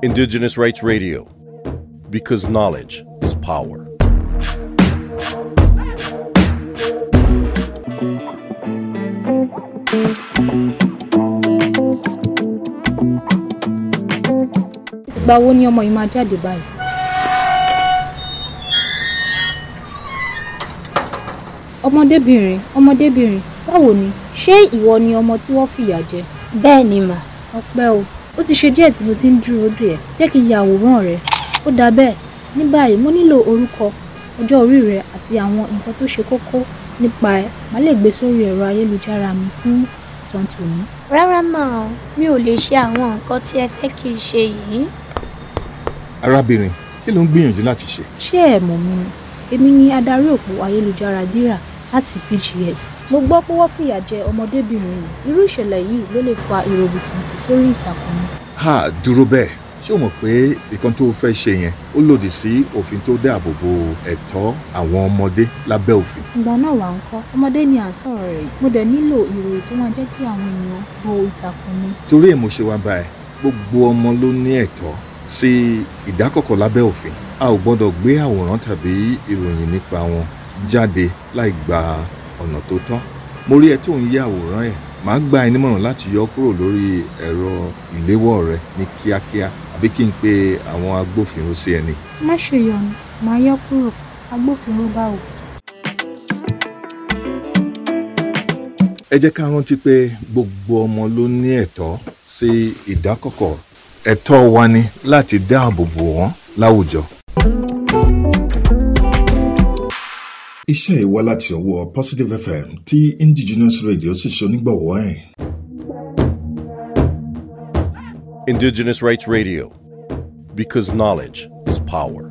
Indigenous Rights Radio, because knowledge is power. Ìgbà wo ni ọmọ yìí máa jáde báyìí? Ọmọdébìnrin, ọmọdébìnrin, báwo ni? Ṣé ìwọ ni ọmọ tí wọ́n fìyà jẹ? Bẹ́ẹ̀ ni mà. Ọpẹ́ o ó ti ṣe díẹ̀ tí mo ti ń dúró dè ẹ́ jẹ́ kí n ya àwòrán rẹ ó dáa bẹ́ẹ̀ ní báyìí mo nílò orúkọ ọjọ́ orí rẹ àti àwọn nǹkan tó ṣe kókó nípa ẹ màá lè gbé sórí ẹ̀rọ ayélujára mi fún ìtàn rárá máa mi ò lè ṣe àwọn nǹkan tí ẹ fẹ́ kí n ṣe yìí. arábìnrin kí ló ń gbìyànjú láti ṣe. ṣé ẹ mọ̀ mi èmi ni adarí òpó ayélujára dírà láti BGS mo gbọ́ pé wọ́n fìyà jẹ ọmọdébìnrin yìí irú ìṣẹ̀lẹ̀ yìí ló lè fa èrò bìtìbìtì sórí ìtàkùn mi. ha dúró bẹ́ẹ̀ ṣé o mọ̀ pé nǹkan tó fẹ́ ṣe yẹn ó lòdì sí òfin tó dáàbò bo ẹ̀tọ́ àwọn ọmọdé lábẹ́ òfin. ìgbà náà wà ń kọ́ ọmọdé ni à ń sọ̀rọ̀ rẹ̀ mo dẹ̀ nílò ìròyìn tó máa jẹ́ kí àwọn èèyàn bo ìtàkùn mi. torí ẹ̀ mo ṣe wá bá gbogbo ọmọ ló ní ẹ̀tọ́ sí ìdákọ̀kọ̀ lábẹ́ òfin a ò gbọ́dọ̀ gbé àwòrán tàbí ìròyìn nípa wọn jáde láì gba ọ̀nà tó tọ́ mo rí ẹ tó ń yá àwòrán ẹ̀ màá gba ẹ nímọ̀ràn láti yọ kúrò lórí ẹ̀rọ ìléwọ́ rẹ ní kíákíá àbí kí n pe àwọn agbófinró sí ẹni. má ṣe yọnu màá yọ kúrò agbófinró báwo. ẹ jẹ́ ká rántí pé gbogbo ọmọ ló ní ẹ̀tọ́ sí ìdákọ̀kọ̀ ẹ̀tọ́ wa ni láti dáàbò bò wọ́n láwùjọ iṣẹ́ ìwá láti ọwọ́ Positive FM tí Indigenous Radio sì ṣonígbọ̀wọ́ ẹ̀. Indigenous Rights Radio because knowledge is power.